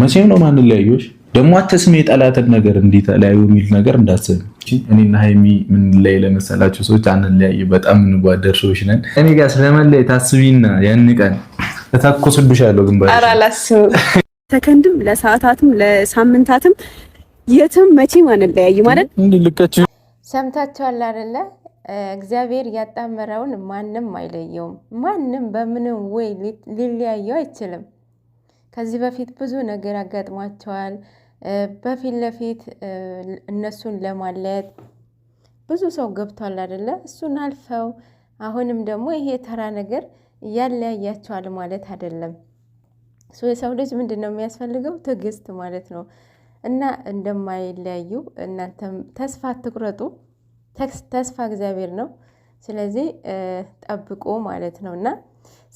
መቼም ነው ማን ለያዩሽ ደግሞ አትስሜ የጠላትን ነገር እንዲተለያዩ የሚል ነገር እንዳሰብ እኔና ሀይሚ ምንለያይ ለመሰላቸው ሰዎች አንለያይ፣ በጣም እንጓደር ሰዎች ነን። እኔ ጋር ስለመለይ ታስቢና ያን ቀን እተኩስብሻለሁ ግንባር። ኧረ አላስብም፣ ሰከንድም፣ ለሰዓታትም፣ ለሳምንታትም የትም መቼም አንለያይም ማለት ልካችሁ ሰምታችኋል አይደለ? እግዚአብሔር ያጣመረውን ማንም አይለየውም። ማንም በምንም ወይ ሊለያየው አይችልም። ከዚህ በፊት ብዙ ነገር አጋጥሟቸዋል። በፊት ለፊት እነሱን ለማለት ብዙ ሰው ገብቷል አይደለ? እሱን አልፈው አሁንም ደግሞ ይሄ ተራ ነገር እያለያያቸዋል ማለት አይደለም። የሰው ልጅ ምንድን ነው የሚያስፈልገው? ትዕግስት ማለት ነው። እና እንደማይለያዩ እናንተም ተስፋ አትቁረጡ። ተስፋ እግዚአብሔር ነው። ስለዚህ ጠብቁ ማለት ነው እና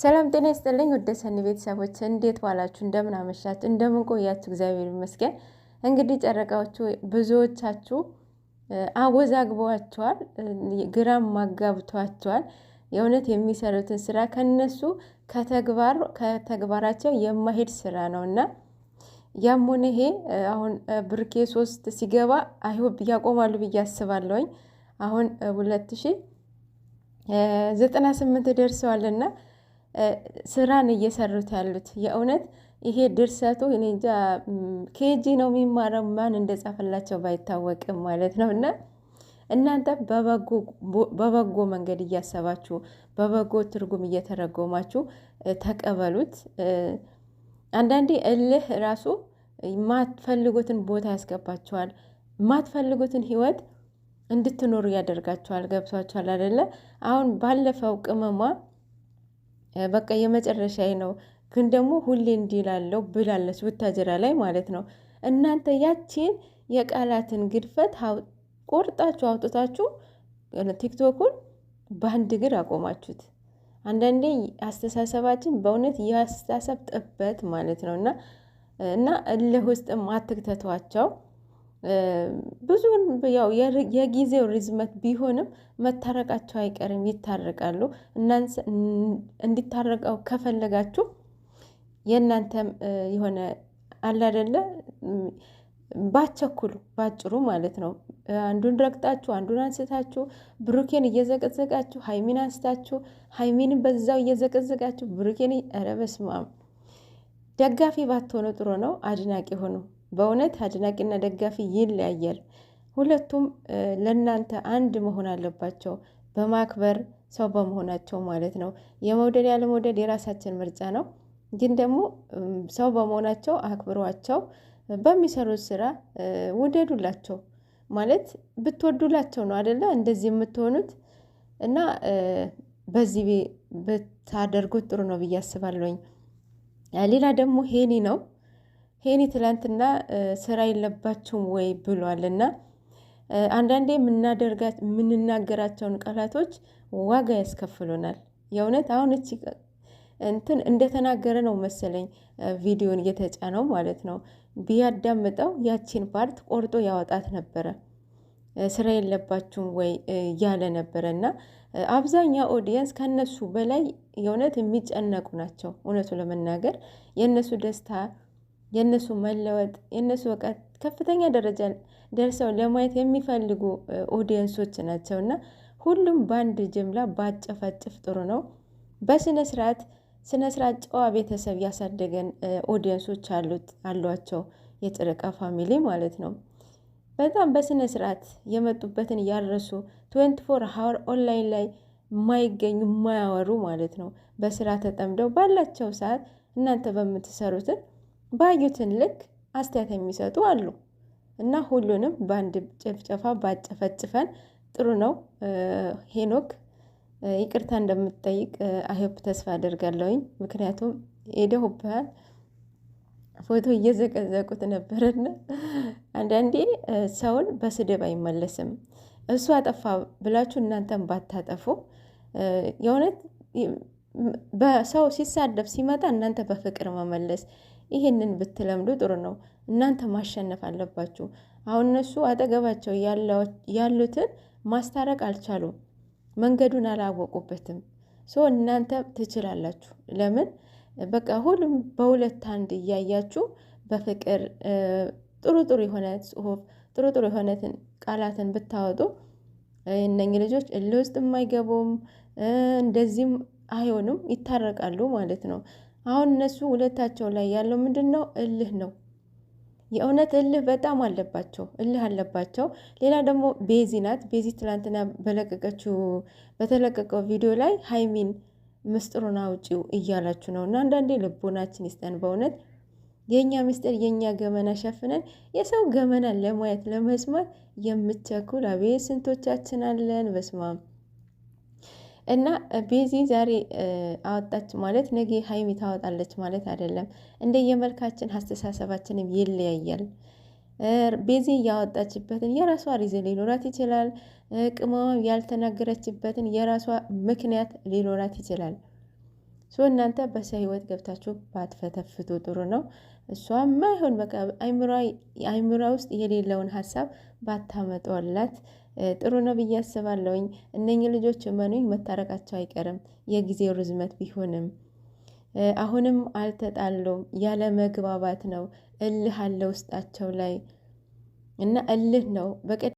ሰላም ጤና ይስጥልኝ። ወደ ሰኒ ቤተሰቦች እንዴት ዋላችሁ? እንደምን አመሻችሁ? እንደምን ቆያችሁ? እግዚአብሔር ይመስገን። እንግዲህ ጨረቃዎቹ ብዙዎቻችሁ አወዛግበዋቸዋል፣ ግራም ማጋብቷቸዋል። የእውነት የሚሰሩትን ስራ ከነሱ ከተግባራቸው የማሄድ ስራ ነው እና ያም ሆነ ይሄ አሁን ብርኬ ሶስት ሲገባ አይሆብ ያቆማሉ ብዬ አስባለሁኝ። አሁን ሁለት ሺ ዘጠና ስምንት ደርሰዋልና ስራን እየሰሩት ያሉት የእውነት ይሄ ድርሰቱ እኔ እንጃ ኬጂ ነው የሚማረው ማን እንደጻፈላቸው ባይታወቅም ማለት ነው እና እናንተ በበጎ መንገድ እያሰባችሁ በበጎ ትርጉም እየተረጎማችሁ ተቀበሉት። አንዳንዴ እልህ ራሱ ማትፈልጉትን ቦታ ያስገባችኋል። ማትፈልጉትን ህይወት እንድትኖሩ ያደርጋችኋል። ገብቷችኋል አይደለ? አሁን ባለፈው ቅመሟ በቃ የመጨረሻዬ ነው። ግን ደግሞ ሁሌ እንዲላለው ብላለች ቡታጀራ ላይ ማለት ነው። እናንተ ያቺን የቃላትን ግድፈት ቆርጣችሁ አውጥታችሁ ቲክቶኩን በአንድ እግር አቆማችሁት። አንዳንዴ አስተሳሰባችን በእውነት የአስተሳሰብ ጥበት ማለት ነው እና እና እልህ ውስጥም አትክተቷቸው። ብዙውን ያው የጊዜው ርዝመት ቢሆንም መታረቃቸው አይቀርም፣ ይታረቃሉ። እናንተ እንዲታረቀው ከፈለጋችሁ የእናንተም የሆነ አለ አይደለ ባቸኩሉ ባጭሩ ማለት ነው። አንዱን ረግጣችሁ አንዱን አንስታችሁ ብሩኬን እየዘቀዘቃችሁ ሀይሚን አንስታችሁ ሃይሚን በዛው እየዘቀዘቃችሁ ብሩኬን ኧረ ደጋፊ ባትሆኑ ጥሩ ነው፣ አድናቂ ሆኑ። በእውነት አድናቂና ደጋፊ ይለያያል። ሁለቱም ለእናንተ አንድ መሆን አለባቸው በማክበር ሰው በመሆናቸው ማለት ነው። የመውደድ ያለመውደድ የራሳችን ምርጫ ነው። ግን ደግሞ ሰው በመሆናቸው አክብሯቸው፣ በሚሰሩት ስራ ውደዱላቸው። ማለት ብትወዱላቸው ነው አደለ እንደዚህ የምትሆኑት እና በዚህ ብታደርጉት ጥሩ ነው ብዬ አስባለሁኝ። ሌላ ደግሞ ሄኒ ነው ሄኒ ትላንትና ስራ የለባቸውም ወይ ብሏልና አንዳንዴ የምንናገራቸውን ቃላቶች ዋጋ ያስከፍሉናል። የእውነት አሁን እቺ እንትን እንደተናገረ ነው መሰለኝ ቪዲዮን እየተጫነው ማለት ነው። ቢያዳምጠው ያቺን ፓርት ቆርጦ ያወጣት ነበረ። ስራ የለባችሁም ወይ ያለ ነበረ እና አብዛኛው ኦዲየንስ ከነሱ በላይ የእውነት የሚጨነቁ ናቸው። እውነቱ ለመናገር የእነሱ ደስታ የእነሱ መለወጥ የእነሱ እውቀት ከፍተኛ ደረጃ ደርሰው ለማየት የሚፈልጉ ኦዲየንሶች ናቸው እና ሁሉም በአንድ ጅምላ ባጨፋጭፍ ጥሩ ነው። በስነ ስርዓት ስነ ስርዓት ጨዋ ቤተሰብ ያሳደገን ኦዲየንሶች አሉት አሏቸው የጨረቃ ፋሚሊ ማለት ነው። በጣም በስነ ስርዓት የመጡበትን ያረሱ ትዌንቲ ፎር ሀወር ኦንላይን ላይ የማይገኙ የማያወሩ ማለት ነው። በስራ ተጠምደው ባላቸው ሰዓት እናንተ በምትሰሩትን ባዩትን ልክ አስተያየት የሚሰጡ አሉ እና ሁሉንም በአንድ ጨፍጨፋ ባጨፈጭፈን ጥሩ ነው። ሄኖክ ይቅርታ እንደምትጠይቅ አይሆፕ ተስፋ አደርጋለሁኝ። ምክንያቱም ሄደውብሃል ፎቶ እየዘቀዘቁት ነበረና አንዳንዴ ሰውን በስድብ አይመለስም። እሱ አጠፋ ብላችሁ እናንተን ባታጠፉ የእውነት በሰው ሲሳደብ ሲመጣ እናንተ በፍቅር መመለስ ይሄንን ብትለምዱ ጥሩ ነው። እናንተ ማሸነፍ አለባችሁ። አሁን እነሱ አጠገባቸው ያሉትን ማስታረቅ አልቻሉም። መንገዱን አላወቁበትም። ሶ እናንተ ትችላላችሁ። ለምን በቃ ሁሉም በሁለት አንድ እያያችሁ በፍቅር ጥሩ ጥሩ የሆነ ጽሁፍ ጥሩ ጥሩ የሆነትን ቃላትን ብታወጡ እነኚህ ልጆች እልህ ውስጥ የማይገቡም እንደዚህም አይሆኑም፣ ይታረቃሉ ማለት ነው። አሁን እነሱ ሁለታቸው ላይ ያለው ምንድን ነው? እልህ ነው። የእውነት እልህ በጣም አለባቸው፣ እልህ አለባቸው። ሌላ ደግሞ ቤዚ ናት። ቤዚ ትላንትና በለቀቀችው በተለቀቀው ቪዲዮ ላይ ሀይሚን ምስጢሩን አውጪው እያላችሁ ነው። እና አንዳንዴ ልቦናችን ይስጠን በእውነት የእኛ ምስጢር የእኛ ገመና ሸፍነን የሰው ገመና ለማየት ለመስማት የምቸኩል አቤት ስንቶቻችን አለን። በስማም እና ቤዚ ዛሬ አወጣች ማለት ነገ ሀይሚ ታወጣለች ማለት አይደለም። እንደ የመልካችን አስተሳሰባችንም ይለያያል። ቤዚ ያወጣችበትን የራሷ ሪዝን ሊኖራት ይችላል። ቅመማ ያልተናገረችበትን የራሷ ምክንያት ሊኖራት ይችላል። ሶ እናንተ በሰ ህይወት ገብታችሁ ባትፈተፍቱ ጥሩ ነው። እሷ ማይሆን በቃ አይምሯ ውስጥ የሌለውን ሀሳብ ባታመጧላት ጥሩ ነው ብዬ አስባለሁኝ። እነኚህ ልጆች እመኑኝ መታረቃቸው አይቀርም የጊዜው ርዝመት ቢሆንም አሁንም አልተጣሉም። ያለ መግባባት ነው። እልህ አለ ውስጣቸው ላይ እና እልህ ነው በቀ